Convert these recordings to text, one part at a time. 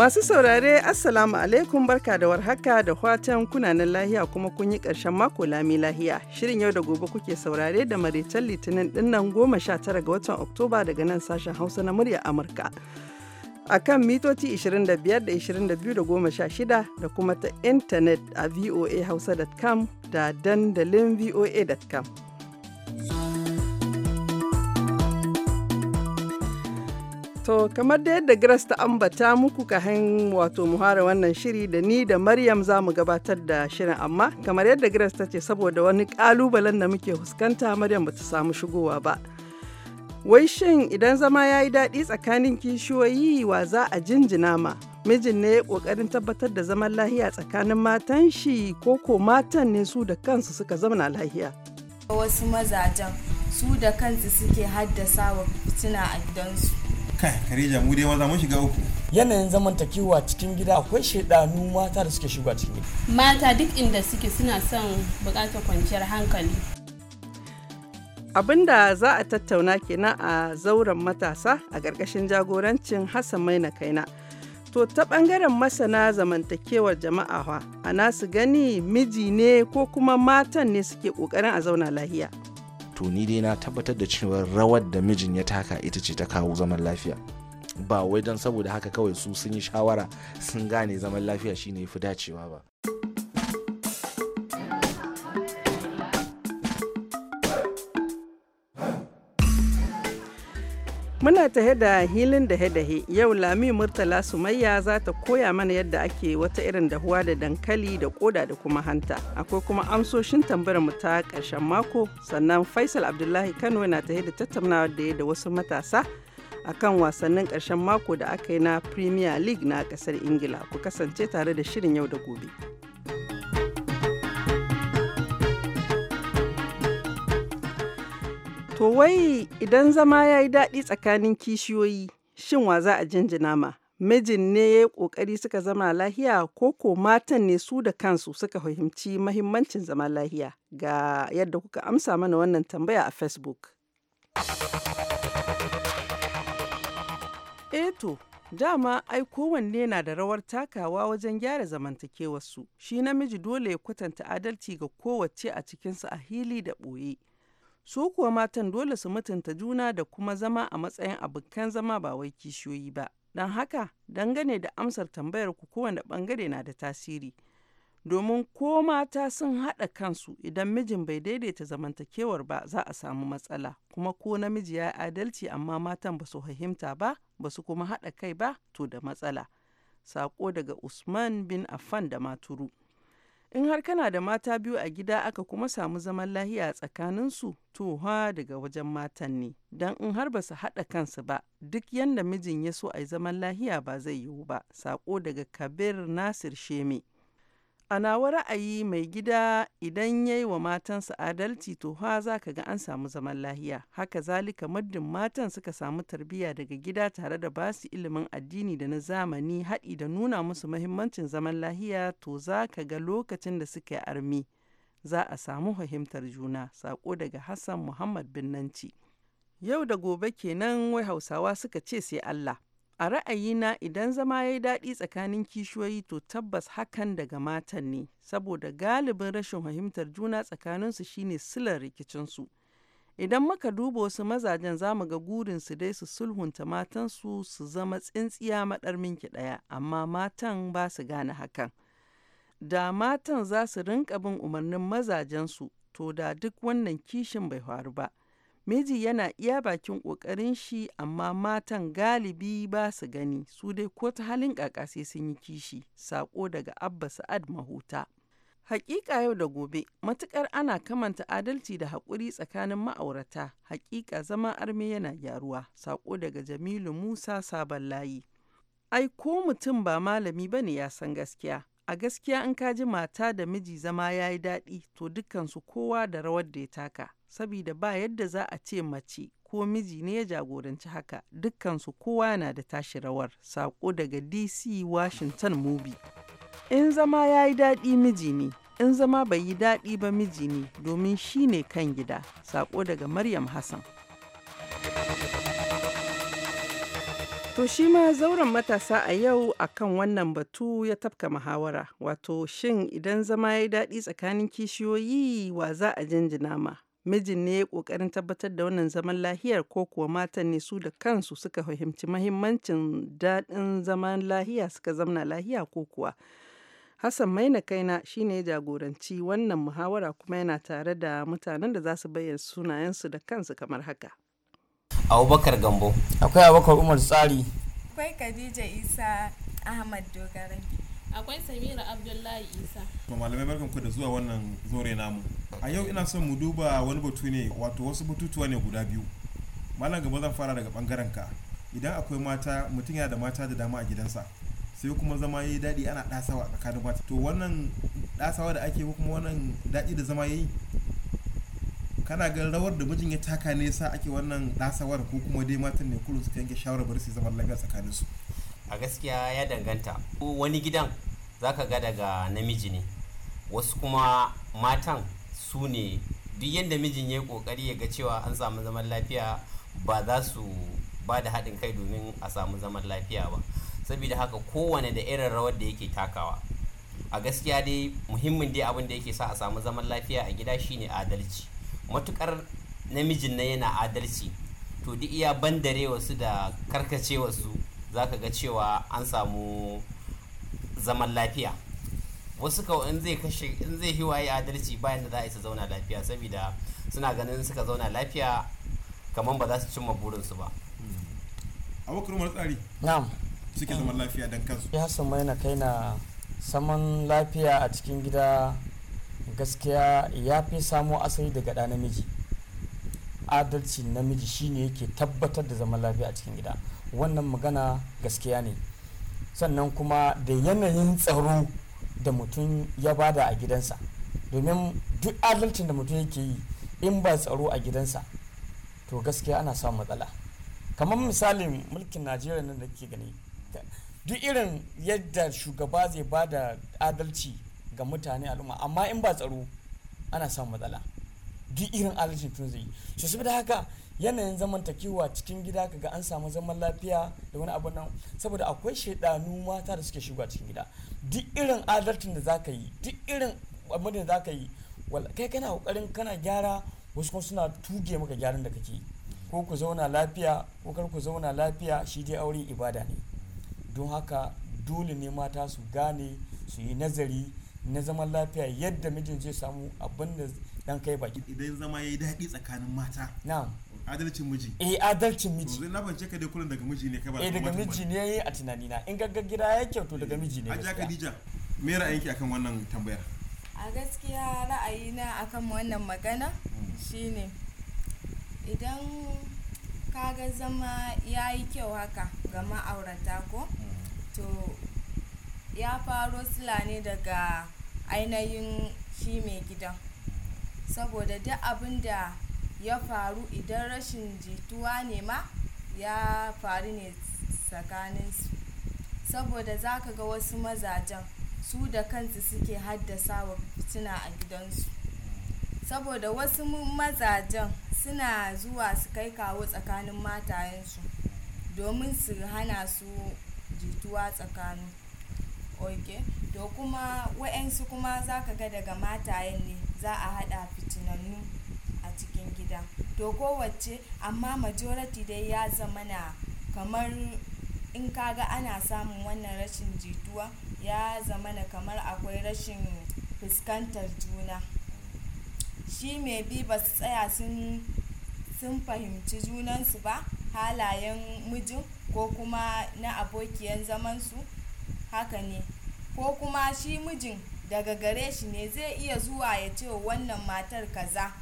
Masu saurare Assalamu alaikum barka da warhaka da fatan kunanan lahiya kuma kun yi ƙarshen mako lami lahiya. Shirin yau da gobe kuke saurare da maritan litinin dinnan goma sha tara ga watan Oktoba daga nan sashen Hausa na murya Amurka. A kan mitoci 25 da 22 da goma sha shida da kuma ta intanet a voahausa.com da dandalin voa.com. To kamar da yadda Grace ta ambata muku kahan wato muhara wannan shiri da ni da Maryam za mu gabatar da shirin amma kamar yadda Grace ta ce saboda wani kalubalen da muke fuskanta Maryam bata samu shigowa ba. Wai shin idan zama ya yi daɗi tsakanin kishiyoyi wa za a jinjina ma? Mijin ne ya ƙoƙarin tabbatar da zaman lahiya tsakanin matan shi ko ko matan ne su da kansu suka zauna lahiya. Wasu mazajen su da kansu suke haddasa wa fitina a gidansu. kai karija mu dai maza mun shiga uku yanayin zamantakewa cikin gida akwai shaidanu mata da suke shiga cikin gida mata duk inda suke suna son bukatar kwanciyar hankali abinda za a tattauna kenan a zauren matasa a ƙarƙashin jagorancin hassan maina kaina to ta ɓangaren masana zamantakewar jama'a a nasu gani miji ne ko kuma matan ne suke ƙoƙarin a zauna lahiya to ni dai na tabbatar da cewa rawar da mijin ya taka ita ce ta kawo zaman lafiya ba wai don saboda haka kawai su sun yi shawara sun gane zaman lafiya shine ya fi dacewa ba. Muna ta da hilin da dahe yau Lami Murtala Sumayya za ta koya mana yadda ake wata irin dahuwa da dankali da koda da kuma hanta. Akwai kuma amsoshin tambayar mu ta karshen mako sannan Faisal Abdullahi Kano na tahe da tattaunawa da ya da wasu matasa a kan wasannin ƙarshen mako da aka yi na Premier League na ƙasar Ingila. Ku kasance tare da shirin yau da gobe. To wai idan zama ya yi daɗi tsakanin kishiyoyi, shin wa za a jinjina ma? Mijin ne ya yi ƙoƙari suka zama lahiya ko ko matan ne su da kansu suka fahimci mahimmancin zama lahiya ga yadda kuka amsa mana wannan tambaya a Facebook. Eto, eh dama ai kowanne na da rawar takawa wajen gyara zamantakewarsu, shi namiji dole ya kwatanta adalci ga kowace a cikinsu a hili da ɓoye. Su kuwa matan dole su mutunta juna da kuma zama a matsayin abokan zama ba wai kishiyoyi ba. Don haka, dangane da amsar tambayar ku kowane bangare na da tasiri. Domin ko mata sun haɗa kansu idan mijin bai daidaita zamantakewar ba za a samu matsala, kuma ko namiji ya adalci amma matan ba su fahimta ba, ba su kuma haɗa kai ba, to da matsala. Sako daga Usman bin Affan da Maturu. in har kana da mata biyu a gida aka kuma samu zaman lahiya a tsakaninsu to daga wajen matan ne don in har ba su hada kansu ba duk yanda mijin ya so a zaman lahiya ba zai yiwu ba saƙo daga kabir nasir sheme A nawa ra'ayi mai gida idan ya yi wa matansa adalci to ha za ka ga an samu zaman lahiya. Haka zalika muddin matan suka samu tarbiyya daga gida tare da basu ilimin addini da na zamani haɗi da nuna musu mahimmancin zaman lahiya to za ka ga lokacin da suka yi armi za a samu fahimtar juna. Sako daga Hassan Muhammad Binnanci. Yau da gobe kenan wai Hausawa suka ce sai Allah. A ra'ayina idan zama ya yi daɗi tsakanin kishiyoyi to tabbas hakan daga matan ne, saboda galibin rashin fahimtar juna tsakaninsu shine silar rikicinsu. Idan muka duba wasu mazajen za mu ga gurin su dai su sulhunta matansu su zama tsintsiya maɗar minki ɗaya, amma matan ba su gane hakan. Da matan za su rinƙa bin umarnin mazajensu to da duk wannan kishin bai faru ba. Miji yana iya bakin ƙoƙarin shi amma matan galibi ba su gani su dai ko ta halin ƙaƙa sun yi kishi. saƙo daga Abba Sa'ad Mahuta. Hakika yau da gobe, matukar ana kamanta adalci da haƙuri tsakanin ma'aurata, hakika zama arme yana gyaruwa. saƙo daga Jamilu Musa Sabon Layi. Ai, ko mutum ba malami ba ne ya san gaskiya. A gaskiya in ka ji mata da miji zama ya yi daɗi, to dukkansu kowa da rawar da ya taka. saboda ba yadda za a ce mace ko miji ne ya jagoranci haka dukkansu kowa na da tashi rawar sako daga dc washington movie in zama ya yi daɗi miji ne in zama bai yi daɗi ba miji ne domin shi ne kan gida sako daga maryam hassan To shi ma zauren matasa a yau akan wannan batu ya tafka muhawara wato shin idan zama ya yi daɗi tsakanin kishiyoyi wa za a jinjina ma mijin ne ya kokarin tabbatar da wannan zaman lahiyar ko kuwa matan ne su da kansu suka fahimci mahimmancin daɗin zaman lahiya suka zamna lahiya ko kuwa hassan maina kaina shine ya jagoranci wannan muhawara kuma yana tare da mutanen da za su bayyana sunayensu da kansu kamar haka abubakar gambo akwai abubakar umar tsari akwai khadija isa ahmad dogarai akwai samira abdullahi isa to malamai barkanku da zuwa wannan zore namu a yau ina son mu duba wani batu ne wato wasu bututuwa ne guda biyu malam gaba zan fara daga bangaren ka idan akwai mata mutum yana da mata da dama a gidansa sai kuma zama yi daɗi ana ɗasawa a tsakanin mata to wannan ɗasawa da ake kuma wannan daɗi da zama yi kana ga rawar da mijin ya taka ne sa ake wannan ɗasawar ko kuma dai matan ne kullum suka yanke shawarar bari su zama lafiya tsakaninsu su a gaskiya ya danganta wani gidan zaka ga daga namiji ne wasu kuma matan su ne duk yadda mijin ya yi kokari ya ga cewa an samu zaman lafiya ba za su ba da haɗin kai domin a samu zaman lafiya ba saboda haka kowane da irin rawar da yake takawa a gaskiya dai muhimmin dai abin da yake sa a samu zaman lafiya a gida shine adalci matukar namijin na yana adalci to duk iya bandare wasu da karkace wasu za ka ga cewa an samu zaman lafiya wasu kawai in zai kashe in zai yi waye adalci bayan da za a isa zauna lafiya saboda suna ganin suka zauna lafiya kamar ba za su cimma burinsu ba abokan umar tsari na'am suke zaman lafiya don kansu ya mai na kai na saman lafiya a cikin gida gaskiya ya fi samo asali daga ɗa namiji adalci namiji shine yake tabbatar da zaman lafiya a cikin gida wannan magana gaskiya ne sannan kuma da yanayin tsaro da mutum ya bada a gidansa domin duk adalcin da mutum yake yi in ba tsaro a gidansa to gaskiya ana samun matsala kamar misalin mulkin najeriya nan da ke gani duk irin yadda shugaba zai bada adalci ga mutane al'umma amma in ba tsaro ana samun matsala duk irin adalcin tun zai yi su da haka yanayin zamantakewa cikin gida kaga an samu zaman lafiya da wani abu nan saboda akwai shaidanu mata da suke shigowa cikin gida duk irin adalcin da zaka yi duk irin abin da zaka yi kai kana kokarin kana gyara wasu kuma suna tuge maka gyaran da kake ko ku zauna lafiya ko kar ku zauna lafiya shi dai aure ibada ne don haka dole ne mata su gane su yi nazari na zaman lafiya yadda mijin zai samu abin da dan kai baki idan zama yayi daɗi tsakanin mata na'am adalcin miji eh adalcin miji na bance ka dai kullun daga miji ne kai ba eh daga miji ne a tunani na in gaggar gida ya kyautu daga miji ne aja Khadija me ra'ayinki akan wannan tambayar a gaskiya ra'ayina akan wannan magana shine idan kaga zama ya yi kyau haka ga ma'aurata ko to ya faro sila ne daga ainihin shi mai gidan saboda duk abin da ya faru idan rashin jituwa ne ma ya faru ne tsakaninsu saboda za ka ga wasu mazajen su da kansu suke haddasa wa fitina a gidansu saboda wasu mazajen suna zuwa su kai kawo tsakanin matayensu domin su hana su jituwa tsakanin oke to kuma wa'yansu kuma za ka ga daga matayen ne za a haɗa fitinannu cikin gida to kowacce amma majority dai ya zama na kamar in kaga ana samun wannan rashin jituwa ya zama na kamar akwai rashin fuskantar juna shi mai bi ba su tsaya sun fahimci junansu ba halayen mijin ko kuma na abokiyan zamansu haka ne ko kuma shi mijin daga gare shi ne zai iya zuwa ya ce wannan matar kaza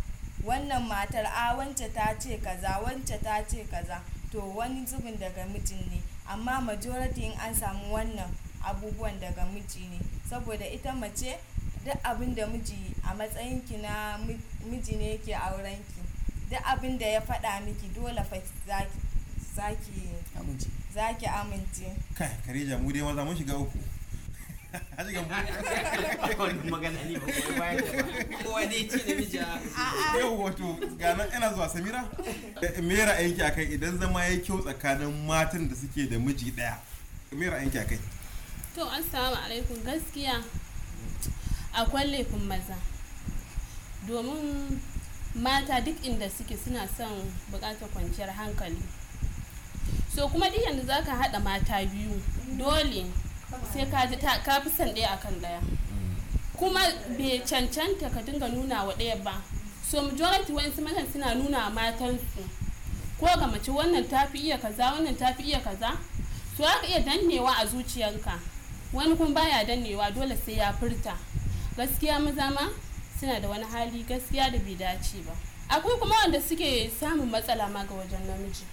wannan matar a wance ta ce kaza wance ta ce kaza to wani zubin daga mijin ne amma majority in an samu wannan abubuwan daga miji ne saboda ita mace duk abin da miji a matsayin ki na miji ne yake ki duk abin da ya fada miki dole fa zaki zaki amince kai kare mu dai maza mun shiga uku wani magana ne ba kowa dai a ina zuwa samira idan zama ya kyau tsakanin matan da suke da miji daya me a kai. to an samu alaikun gaskiya akwai laifin maza domin mata duk inda suke suna son bukatar kwanciyar hankali so kuma duk yanda zaka hada mata biyu dole sai ka ji ka fi son ɗaya akan ɗaya kuma bai cancanta ka dinga nuna wa ɗaya ba so majority wani matan suna nuna matansu ko ga mace wannan ta fi iya kaza wannan ta fi iya kaza to ka iya dannewa a zuciyarka? wani kuma baya dannewa dole sai ya furta gaskiya maza ma suna da wani hali gaskiya da bai dace ba akwai kuma wanda suke samun matsala ma ga wajen namiji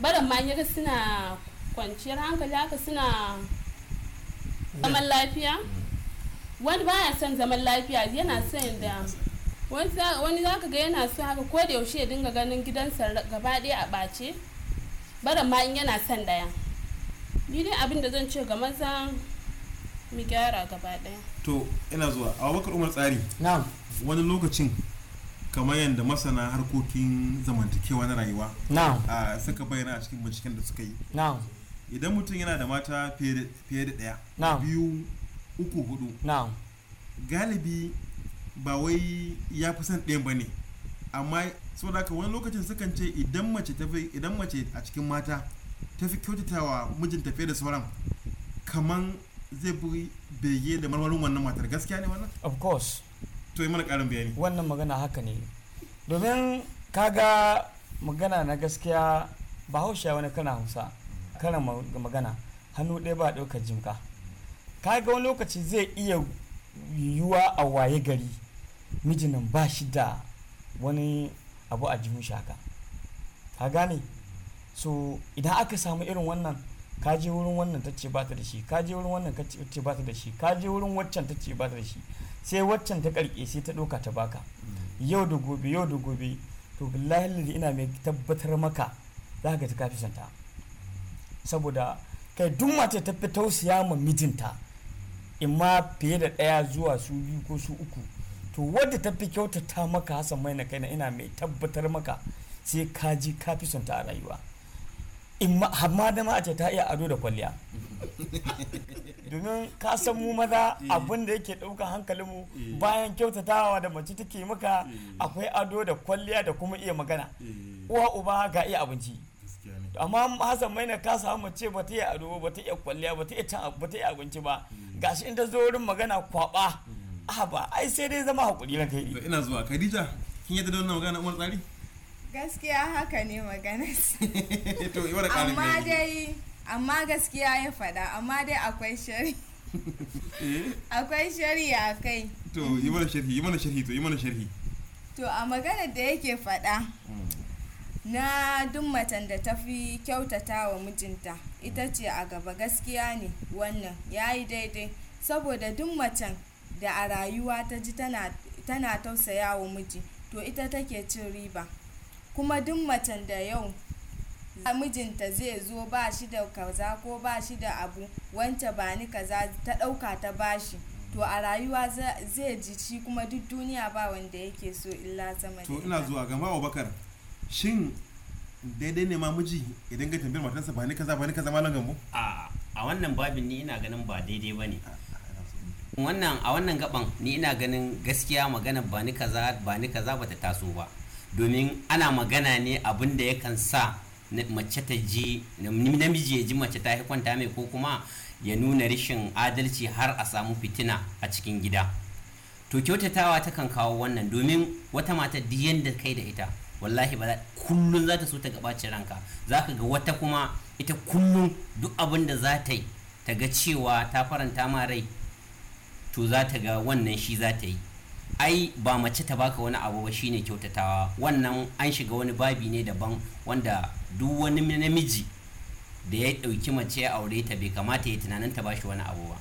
barin ma suna kwanciyar hankali haka suna zaman lafiya wani baya son zaman lafiya yana son da wani za ka ga yana son haka ko da yaushe ya dinga ganin gidansa gaba ɗaya a ɓace barin ma in yana son ɗaya ni dai abin da zan ce ga maza mu gyara gaba ɗaya to ina zuwa a wakar umar tsari na'am wani lokacin kamar yadda masana harkokin zamantakewa na rayuwa na'am suka bayyana a cikin binciken da suka yi idan mutum yana da mata fiye da ɗaya biyu uku hudu galibi ba wai ya fi son ɗayan ba ne amma sau da wani lokacin sukan ce idan mace a cikin mata ta fi kyautatawa mijinta fiye da sauran kaman zai bi bege da marmarin wannan matar gaskiya ne wannan of course to yi mana ƙarin bayani wannan magana haka ne domin kaga magana na gaskiya ba hausha wani kana hausa karan magana hannu ɗaya ba ɗaukar jimka ga wani lokaci zai iya yiwuwa a waye gari mijinin ba shi da wani abu a jihun shaka ka gane so idan aka samu irin wannan ka je wurin wannan ta ce bata da shi ka je wurin wannan ta ce bata da shi ka je wurin waccan ta ce bata da shi sai waccan ta karke sai ta ɗauka ta baka yau da gobe yau da gobe to billahi ina mai tabbatar maka za ka ta kafi santa saboda kai duk mace ta fi tausaya ma mijinta in ma fiye da ɗaya zuwa su biyu ko su uku to wadda ta fi kyautata maka hasan mai na kai na ina mai tabbatar maka sai ka ji ka fi son ta a rayuwa amma da ma a ce ta iya ado da kwalliya domin ka san mu maza eh. abin da yake hankalin mu eh. bayan kyautatawa da mace take maka eh. akwai ado da kwalliya da kuma iya magana uwa uba ga iya abinci amma Hassan Maina ta samu ce ba ta yi ado ba ta iya kwalliya ba ta iya cin ba ta iya abinci ba gashi in ta zo wurin magana kwaba a ba ai sai dai zama hakuri na kai ina zuwa Khadija kin yadda da wannan magana Umar Tsari gaskiya haka ne magana to da amma dai amma gaskiya ya faɗa amma dai akwai shari eh? akwai shari a kai to yi mana sharhi yi mana sharhi to yi mana sharhi to a maganar da yake faɗa hmm. na duk macen da ta fi kyautata wa mijinta ita ce a gaba gaskiya ne wannan ya yi daidai saboda duk macen da a rayuwa ta ji tana, tausaya wa miji to ita take cin riba kuma duk macen da yau mijinta zai zo ba shi da kaza ko ba shi da abu wance ba ni kaza ta ɗauka ta bashi to a rayuwa zai ji shi kuma duk duniya ba wanda yake so illa zama da to ina zuwa gama abubakar shin daidai ne ma idan ga tambayar matarsa ba ni kaza ba ni kaza malam gambo a a wannan babin ni ina ganin ba daidai ba ne wannan a wannan gaban ni ina ganin gaskiya magana ba ni kaza ba ni kaza bata taso ba domin ana magana ne abin da yakan sa mace ta ji namiji ya ji mace ta kwanta mai ko kuma ya nuna rashin adalci har a samu fitina a cikin gida to kyautatawa takan kawo wannan domin wata mata duk yadda kai da ita wallahi ba kullum za ta so ta gabaci ranka za ka ga wata kuma ita kullum duk abin da za ta yi ta ga cewa ta faranta ma rai to za ta ga wannan shi za ta yi ai ba mace ta baka wani abu ba shine kyautatawa wannan an shiga wani babi ne daban wanda duk wani namiji da ya ɗauki mace ya aure ta bai kamata ya tunanin ta bashi wani abu ba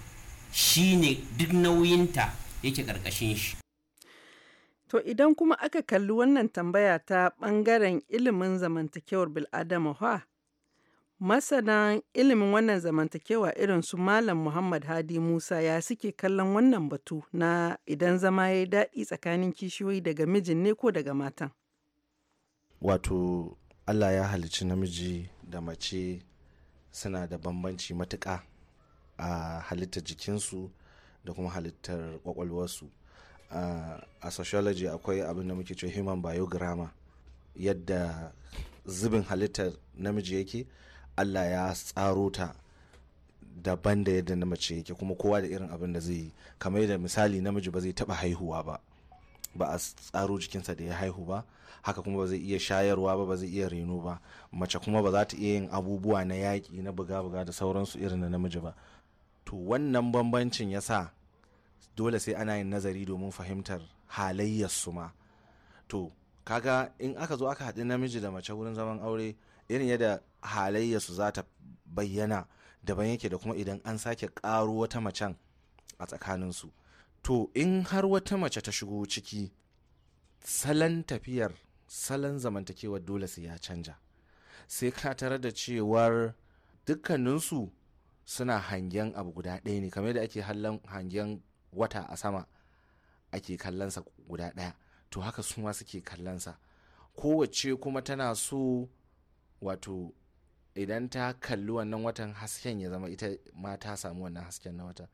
shine duk nauyinta yake ƙarƙashin shi To idan kuma aka kalli wannan tambaya ta ɓangaren ilimin zamantakewar bil'adama ha, masana ilimin wannan zamantakewa irin su Malam Muhammad Hadi Musa ya suke kallon wannan batu na idan zama ya yi daɗi tsakanin kishiyoyi daga mijin ne ko daga matan. Wato Allah ya halicci namiji da mace suna da bambanci matuka a halittar jikinsu da kuma halittar ƙwaƙwalwarsu. a sociology akwai abin da muke cewa human biogramma yadda zubin halittar namiji yake allah ya tsaro ta daban da yadda na mace yake kuma kowa da irin abin da zai yi kamar yadda misali namiji ba zai taba haihuwa ba ba a tsaro jikinsa da ya haihu ba haka kuma ba zai iya shayarwa ba ba zai iya reno ba mace kuma ba za ta iya yin abubuwa na yaƙi na buga-buga da sauransu irin na namiji ba to wannan bambancin ya sa dole sai ana yin nazari domin fahimtar halayyar su ma to kaga in aka zo aka haɗi namiji da mace wurin zaman aure irin yadda halayyar su za ta bayyana daban yake da kuma idan an sake ƙaro wata macen a tsakanin su to in har wata mace ta shigo ciki salon tafiyar salon zamantakewar dole sai ya canja sai ka tarar da cewar dukkaninsu suna hangen abu guda ɗaya ne kamar da ake hangen wata a sama ake kallonsa guda ɗaya to haka su ma suke kallonsa kowace kuma tana so wato idan ta kalli wannan watan hasken ya zama ita ma ta samu wannan hasken na watan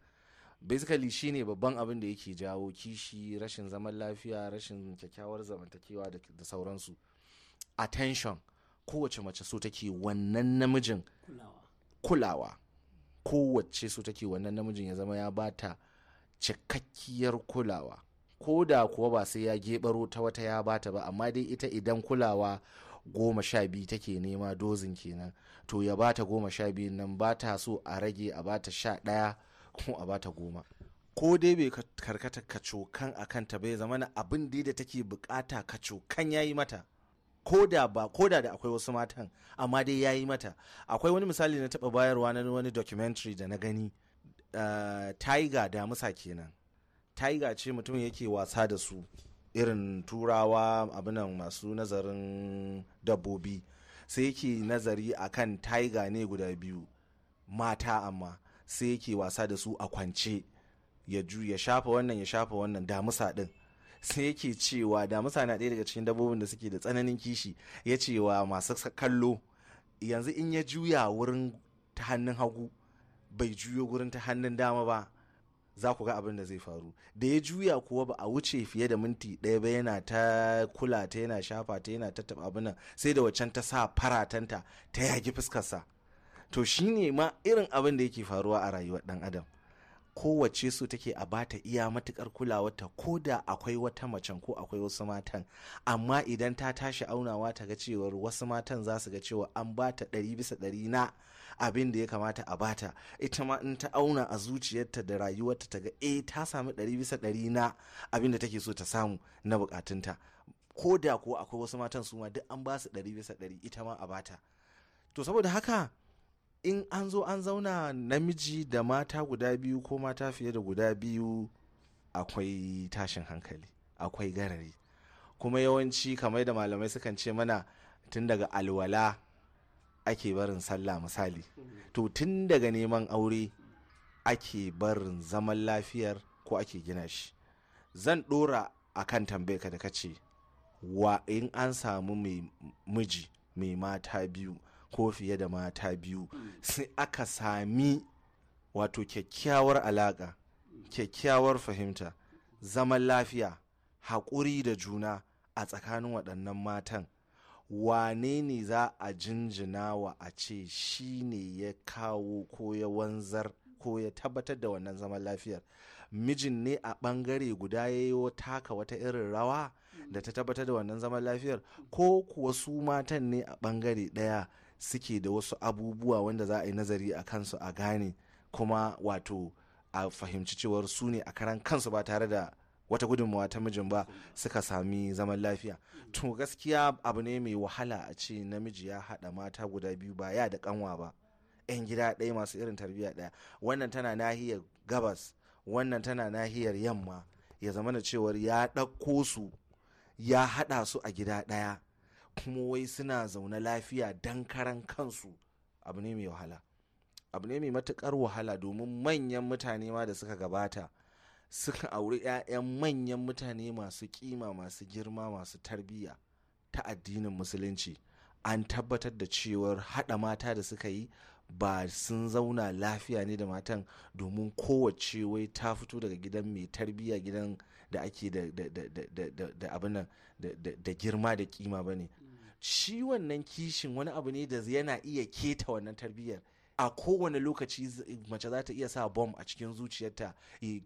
basically shi ne babban abin da yake jawo kishi rashin zaman lafiya rashin kyakkyawar zamantakewa da sauransu attention kowace mace so take wannan namijin kulawa kowace so take wannan namijin ya zama ya bata ta cikakkiyar kulawa ko da kuwa ba sai ya gebaro ta wata ya bata ba amma dai ita idan kulawa goma sha biyu take nema dozin kenan to ya bata goma sha biyu nan ba ta so a rage a bata sha ɗaya ko a bata goma ko dai bai karkata kacokan a kanta bai zama na abin dai da take bukata kacokan ya yi mata ko da da akwai wasu matan amma dai ya yi mata akwai wani misali na taɓa bayarwa na wani documentary da na gani Eh, taiga da damisa kenan taiga ce mutum yake wasa da su irin turawa abinan masu nazarin dabbobi sai yake nazari akan taiga ne guda biyu mata amma sai yake wasa da su a kwance ya ya shafa wannan ya shafa wannan damusa din sai yake cewa damusa na ɗaya daga cikin dabbobin da suke da tsananin kishi ya cewa masu kallo yanzu in ya juya wurin ta hannun hagu bai juyo gurin ta hannun dama ba za ku ga abin da zai faru da ya juya kuwa ba a wuce fiye da minti ɗaya ba yana ta kula ta yana shafa ta yana tattaɓa abin sai da waccan ta sa faratanta ta yagi fuskarsa to shi ne ma irin abin da yake faruwa a rayuwar ɗan adam kowace su take a bata iya matukar kulawarta ko da akwai wata macen ko akwai wasu matan amma idan ta tashi aunawa ta ga cewar wasu matan za su ga cewa an bata ɗari bisa ɗari na abin da ya kamata a bata ita ma in ta auna a zuciyarta da rayuwarta ta ga e ta sami ɗari bisa ɗari na abin da take so ta samu na bukatunta ko da ko akwai wasu matan su ma duk an ba su ɗari bisa ɗari ita ma a bata to saboda haka in an zo an zauna namiji da mata guda biyu ko mata fiye da guda biyu akwai tashin hankali akwai garari kuma yawanci kamar da malamai sukan ce mana tun daga alwala ake barin sallah misali to tun daga neman aure ake barin zaman lafiyar ko ake gina shi zan dora a kan tambayarka da ka ce wa in an samu mai miji mai mata biyu ko fiye da mata biyu sai aka sami wato kyakkyawar alaƙa kyakkyawar fahimta zaman lafiya haƙuri da juna a tsakanin waɗannan matan wane ne za a jinjina wa a ce shi ne ya kawo ko ya wanzar ko ya tabbatar da wannan zaman lafiyar mijin ne a bangare guda ya yi taka wata irin rawa da ta tabbatar da wannan zaman lafiyar ko kuwa su matan ne a bangare daya suke da wasu abubuwa wanda za a yi nazari a kansu a gane kuma wato a fahimci cewar su ne a karan kansu ba tare da wata gudunmawa ta mijin ba suka sami zaman lafiya to gaskiya abu ne mai wahala a ce namiji ya haɗa mata guda biyu ba ya da kanwa ba 'yan gida ɗaya masu irin tarbiyya ɗaya wannan tana nahiyar gabas wannan tana nahiyar yamma ya zama da cewar ya ɗauko su ya haɗa su a gida ɗaya kuma wai suna zaune lafiya dan karan kansu abu ne mai wahala abu ne mai matuƙar wahala domin manyan mutane ma da suka gabata suka auri 'ya'yan manyan mutane masu kima masu girma masu tarbiyya ta addinin musulunci an tabbatar da cewar haɗa mata da suka yi ba sun zauna lafiya ne da matan domin kowace wai ta fito daga gidan mai tarbiyya gidan da ake da abin da girma da kima ba ne mm. shi wannan kishin wani abu ne da yana iya keta wannan tarbiyyar a kowane lokaci mace za ta iya sa bom a cikin zuciyarta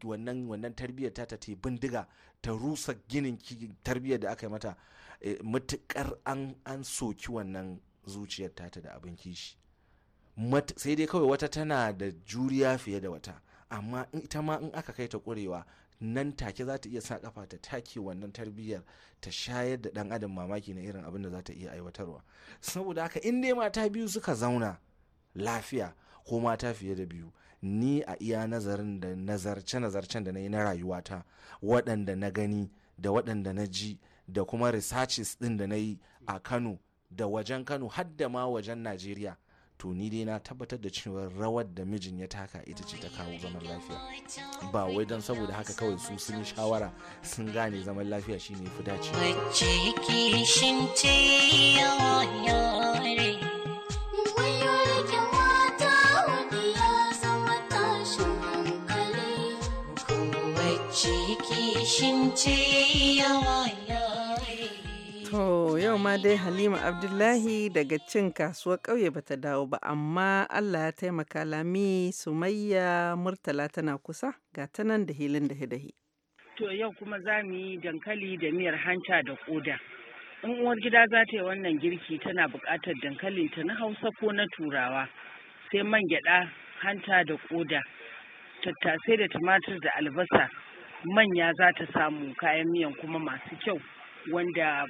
wannan wannan tarbiyyar ta ta bindiga ta rusa ginin tarbiyyar da aka yi mata e, matukar an soki wannan zuciyar ta da abin kishi sai dai kawai wata tana da juriya fiye da wata amma ita ma in aka kai ta kurewa nan take za ta iya sa kafa ta take wannan tarbiyyar ta shayar da dan adam mamaki na irin abin da za ta iya aiwatarwa saboda haka in dai mata biyu suka zauna lafiya ko mata fiye da biyu ni a iya nazarin da nazarce-nazarcen da na yi na rayuwata waɗanda na gani da waɗanda na ji da kuma researches ɗin da na yi a kano da wajen kano har da ma wajen najeriya to ni dai na tabbatar da cewa rawar da mijin ya taka ita ce ta kawo zaman lafiya ba wai don saboda haka kawai su sun shawara sun gane zaman lafiya shine fi dace To yau ma dai Halima Abdullahi daga cin kasuwar ƙauye bata dawo ba amma Allah ya taimaka lami Sumayya Murtala tana kusa ga ta nan da hilin da hidahi. To yau kuma za mu yi dankali da miyar hanta da ƙoda. In uwar gida za ta yi wannan girki tana buƙatar dankalin ta na Hausa ko na Turawa sai man gyaɗa hanta da ƙoda tattasai da tumatir da albasa manya za ta samu kayan miyan kuma masu kyau wanda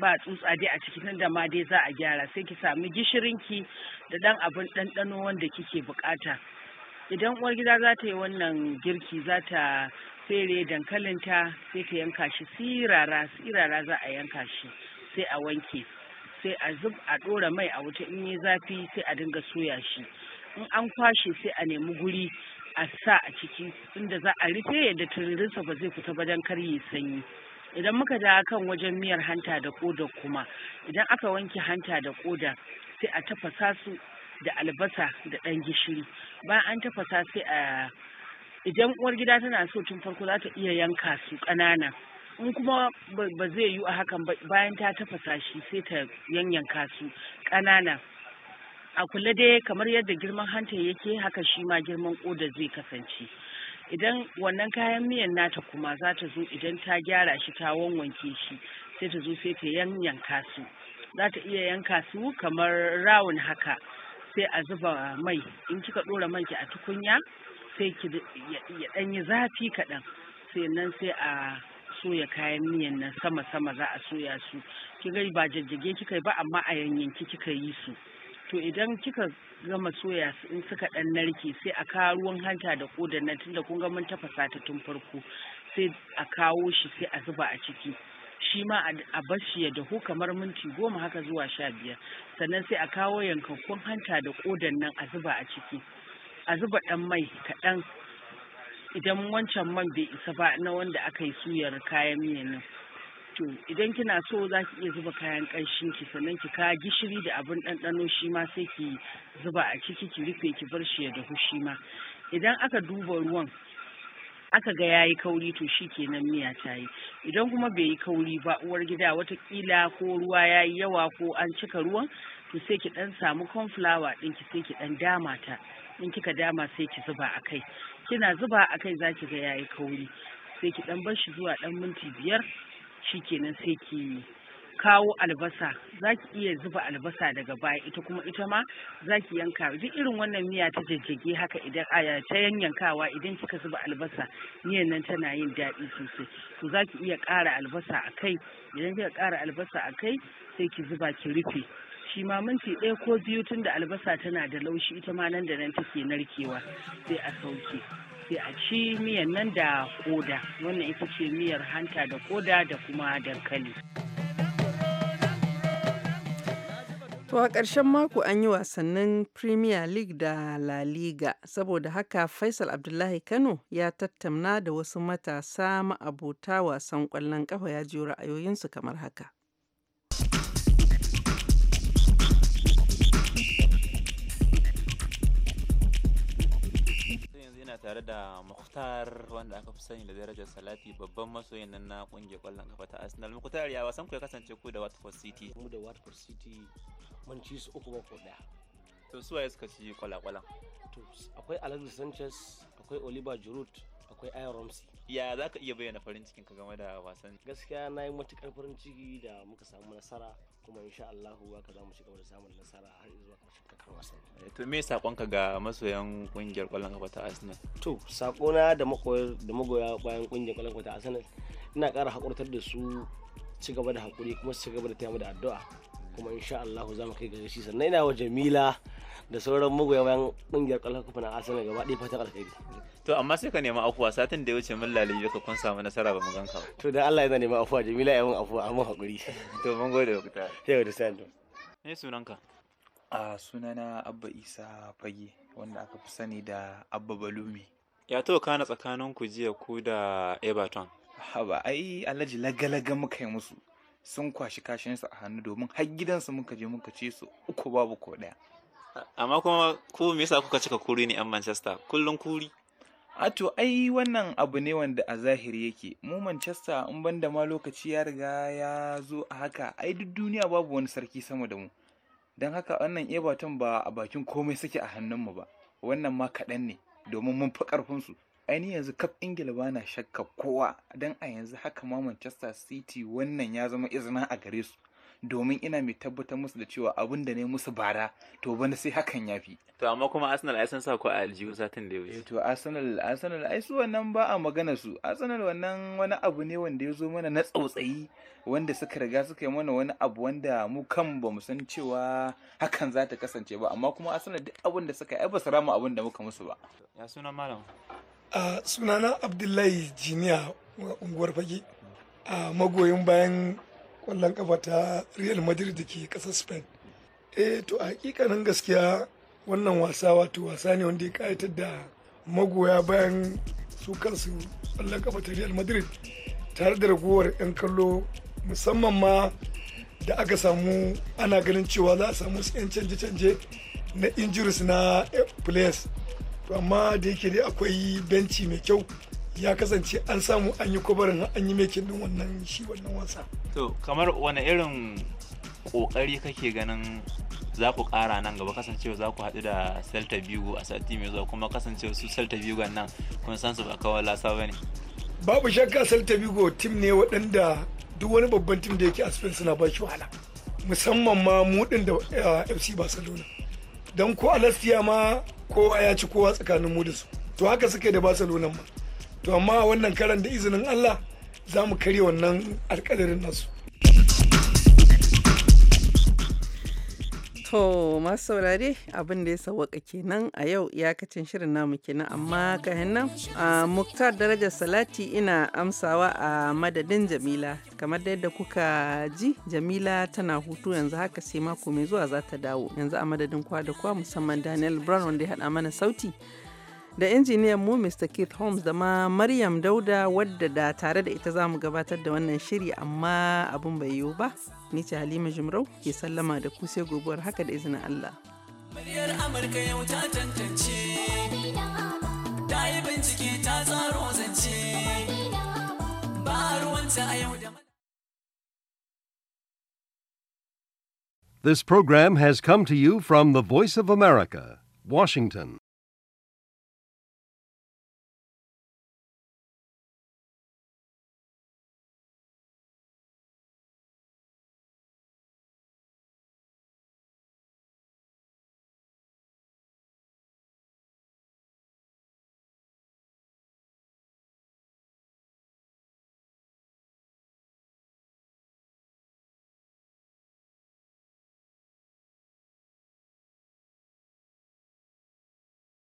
ba tsutsa dai a cikin da ma dai za a gyara sai ki sami gishirinki da dan abin ɗanɗano wanda kike bukata idan uwar gida za ta yi wannan girki za ta fere dankalinta sai ta yanka shi sirara sirara za a yanka shi sai a wanke sai a zub a ɗora mai a wuta in yi zafi sai a dinga soya shi in an kwashe sai a nemi guri a sa a ciki inda za a rufe yadda tururinsa ba zai fita ba don karye sanyi idan muka da kan wajen miyar hanta da koda kuma idan aka wanke hanta da koda sai a tafasa su da albasa da ɗan gishiri bayan an tafasa sai a idan uwar gida tana so tun farko za ta iya yanka su ƙanana in kuma ba zai yiwu a hakan bayan ta tafasa shi sai ta yanyanka su ƙanana a kula dai kamar yadda girman hanta yake haka shi ma girman koda zai kasance idan wannan kayan miyan nata kuma za ta zo idan ta gyara shi ta wanwanke shi sai ta zo sai ta yanyanka su za ta iya yanka su kamar rawun haka sai a zuba mai in kika dora manki a tukunya sai ki ya dan yi zafi kaɗan sai nan sai a soya kayan miyan nan sama sama za a soya su ki gari ba jajjage kika yi ba amma a yanyanki kika yi su to idan kika gama soya in suka dan narke sai a kawo ruwan hanta da kodan nan tunda kun ga mun tafasa ta tun farko sai a kawo shi sai a zuba a ciki shi ma a bar shi ya dahu kamar minti goma haka zuwa sha biyar sannan sai a kawo yankakkun hanta da kodan nan a zuba a ciki a zuba dan mai kaɗan idan wancan man bai isa ba na wanda aka yi suyar kayan miyan nan to idan kina so za ki iya zuba kayan ƙanshin ki sannan ki ka gishiri da abin ɗanɗano shi ma sai ki zuba a ciki ki rufe ki bar shi ya dahu shi ma idan aka duba ruwan aka ga yayi kauri to shi kenan miya ta yi idan kuma bai yi kauri ba uwar gida watakila ko ruwa ya yi yawa ko an cika ruwan to sai ki dan samu cornflower ɗinki sai ki dan dama ta in kika dama sai ki zuba a kai kina zuba a kai za ki ga yayi kauri sai ki ɗan bar shi zuwa ɗan minti biyar shikenan sai ki kawo albasa za ki iya zuba albasa daga baya ita kuma ita ma za ki yanka duk irin wannan miya ta jajjage haka idan aya ta yanyankawa idan kika zuba albasa miyan nan tana yin daɗi sosai to za ki iya ƙara albasa a kai idan kika ƙara albasa a kai sai ki zuba ki rufe shi ma minti ɗaya ko biyu tun da albasa tana da laushi ita ma nan da nan take narkewa sai a sauke sai a ci miyan nan da koda wannan ita ce miyar hanta da koda da kuma dankali. To a ƙarshen mako an yi wasannin Premier League da La Liga, saboda haka Faisal Abdullahi Kano ya tattauna da wasu matasa ma'abota wasan ƙwallon ƙafa ya ji ra'ayoyinsu kamar haka. tare da Mukhtar wanda aka fi sani da darajar Salati babban masoyin nan na kungiyar kwallon kafa ta Arsenal. Mukhtar ya wasan ku ya kasance ku da Watford City. Mu da Watford City mun ci su uku bako ko daya. To su waye suka ci kwala-kwalan? To akwai Alexis Sanchez, akwai Oliver Giroud, akwai Ayan Ramsey. Ya za ka iya bayyana farin cikin ka game da wasan? Gaskiya na yi matukar farin ciki da muka samu nasara kuma insha Allah haka za mu shiga gaba da samun nasara har zuwa ƙarshen kakar wasanni. Eh, to me sakonka ga masoyan kungiyar ƙwallon kafa ta Arsenal? To sakona da da magoya bayan kungiyar ƙwallon kafa ta Arsenal ina ƙara hakurtar da su ci gaba da hakuri kuma su ci gaba da taimaka da addu'a kuma insha Allah za mu kai gare shi sannan ina wa Jamila da sauran mugayen bayan kungiyar kwallon kafa na Arsenal gaba ɗaya fatan alkhairi to amma sai ka nemi afuwa satin da ya wuce mun lalace ka kun samu nasara ba mu ganka ba to da Allah yana neman afuwa Jamila ya mun afuwa amma hakuri to mun gode ku ta yau da sando ne sunanka a sunana Abba Isa Fage wanda aka fi sani da Abba Balumi ya to kana tsakanin ku jiya ku da Everton haba ai alhaji lagalaga muka yi musu sun kwashi kashinsu a hannu domin har gidansu muka je muka ce su uku babu ko ɗaya. Amma kuma ku me yasa kuka cika kuri ne 'yan Manchester kullum kuri? A to ai wannan abu ne wanda a zahiri yake mu Manchester in ban da ma lokaci ya riga ya zo a haka ai duk duniya babu wani sarki sama da mu. Don haka wannan Everton ba a bakin komai suke a hannunmu ba wannan ma kaɗan ne domin mun fi ƙarfinsu. su. ainihin yanzu kaf ingila ba na shakka kowa don a yanzu haka ma manchester city wannan ya zama izina a gare su domin ina mai tabbatar musu da cewa abin da ne musu bara to bana sai hakan ya fi to amma kuma arsenal ai san sa ko a aljihu satin da yau eh to arsenal arsenal ai su wannan ba a magana su arsenal wannan wani abu ne wanda ya zo mana na tsautsayi wanda suka riga suka yi mana wani abu wanda mu kan ba mu san cewa hakan za ta kasance ba amma kuma arsenal duk abin da suka yi ba su rama abin da muka musu ba ya suna malam a sunana abdullahi jiniya unguwar fage a magoyin bayan kwallon kafa ta real madrid da ke kasar spain eh to a hakikanin gaskiya wannan wasa wato wasa ne wanda ya kayatar da magoya bayan su kansu kwallon kafa ta real madrid tare da ragowar 'yan kallo musamman ma da aka samu ana ganin cewa za a samu 'yan canje-canje na injuris na eh, players amma da yake dai akwai benci mai kyau ya kasance an samu an yi kwabarin an yi mekin din wannan shi wannan wasa to kamar wani irin kokari kake ganin za ku kara nan gaba kasancewa za ku haɗu da celta vigo a sati mai zuwa kuma kasancewa su celta vigo nan kun san su ba kawai lasa ba ne babu shakka celta vigo tim ne waɗanda duk wani babban tim da yake a spain suna ba shi wahala musamman ma mu din da eh, fc barcelona don ko alastiya ma kowa ya ci kowa tsakanin mu da su to haka suke da barcelona ma to amma wannan karan da izinin allah za mu karya wannan alkadarin nasu To masu saurare abin da ya sauwaka kenan a yau iyakacin shirin namu kenan amma ka nan a Muktar darajar Salati ina amsawa a madadin Jamila kamar da yadda kuka ji Jamila tana hutu yanzu haka sai mako mai zuwa za ta dawo yanzu a madadin kwa da kwa musamman Daniel Brown wanda ya hada mana sauti. da injiniyan mu Mr. Keith Holmes da ma Maryam Dauda wadda da tare da ita zamu gabatar da wannan shiri amma abun bai yiwu ba. Ni ce Halima Jumrau ke sallama da ku sai gobuwar haka da izinin Allah. Muryar Amurka yau ta tantance, ta yi bincike ta tsaro zance, ba ruwanta a yau da This program has come to you from the Voice of America, Washington.